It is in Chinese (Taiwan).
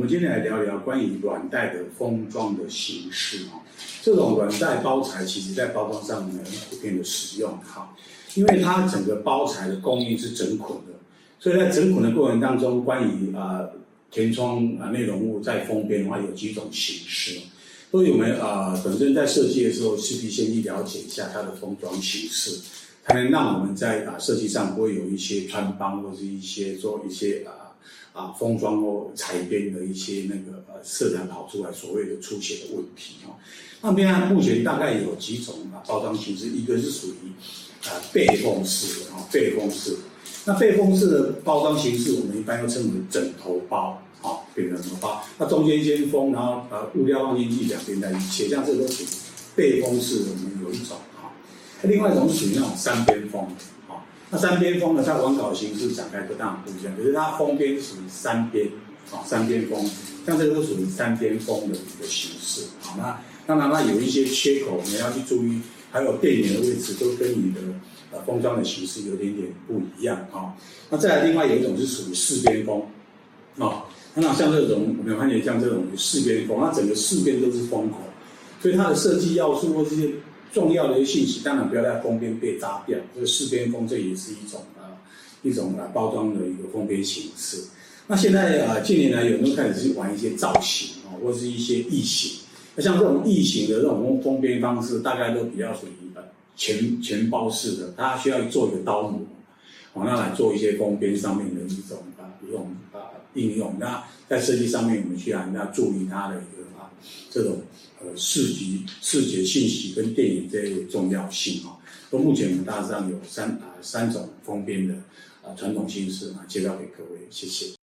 我們今天來聊一聊關於軟袋的封裝的形式哈、啊，這種軟袋包材其實在包裝上面很普遍的使用哈，因為它整個包材的工藝是整捆的，所以在整捆的過程當中，關於啊填充啊內容物再封邊的話有幾種形式，所以我們啊、呃，本身在設計的時候是，不是先去了解一下它的封裝形式，才能讓我們在啊、呃、設計上不會有一些穿幫或者是一些做一些啊。呃啊，封裝或裁邊的一些那個呃，色彩跑出來所謂的出血的問題、哦、啊。那邊目前大概有幾種包裝形式，一個是屬於啊背封式，的、哦、啊，背封式。那背封式的包裝形式，我們一般又稱為枕頭包啊，枕、哦、頭包。那中間先封，然後呃，物料放進去兩邊再寫，像這樣子都屬於背封式的我們有一種啊。哦、另外一種屬於那種三邊封。那三邊封的它封口形式展開不大不一樣，可是它封邊屬於三邊啊，三邊封，像這個都屬於三邊封的一個形式啊。那那當然它有一些缺口，你要去注意，還有邊緣的位置都跟你的呃封裝的形式有點點不一樣啊。那再來另外有一種是屬於四邊封啊，那像這種我們看見像這種四邊封，它整個四邊都是封口，所以它的設計要素或這些。重要的一個信息，當然不要在封邊被扎掉。這個四邊封，這也是一種啊，一種啊包裝的一個封邊形式。那現在啊，近年來有人都開始去玩一些造型啊，或是一些異形。那像這種異形的這種封邊方式，大概都比較屬於全全包式的，大家需要做一個刀模，往那來做一些封邊上面的一種啊，比如我們。應用那在設計上面，我們當然要人家注意它的一個啊這種呃視覺視覺信息跟電影這一個重要性啊。那目前我們大致上有三啊、呃、三種封邊的啊、呃、傳統形式啊，介紹給各位，謝謝。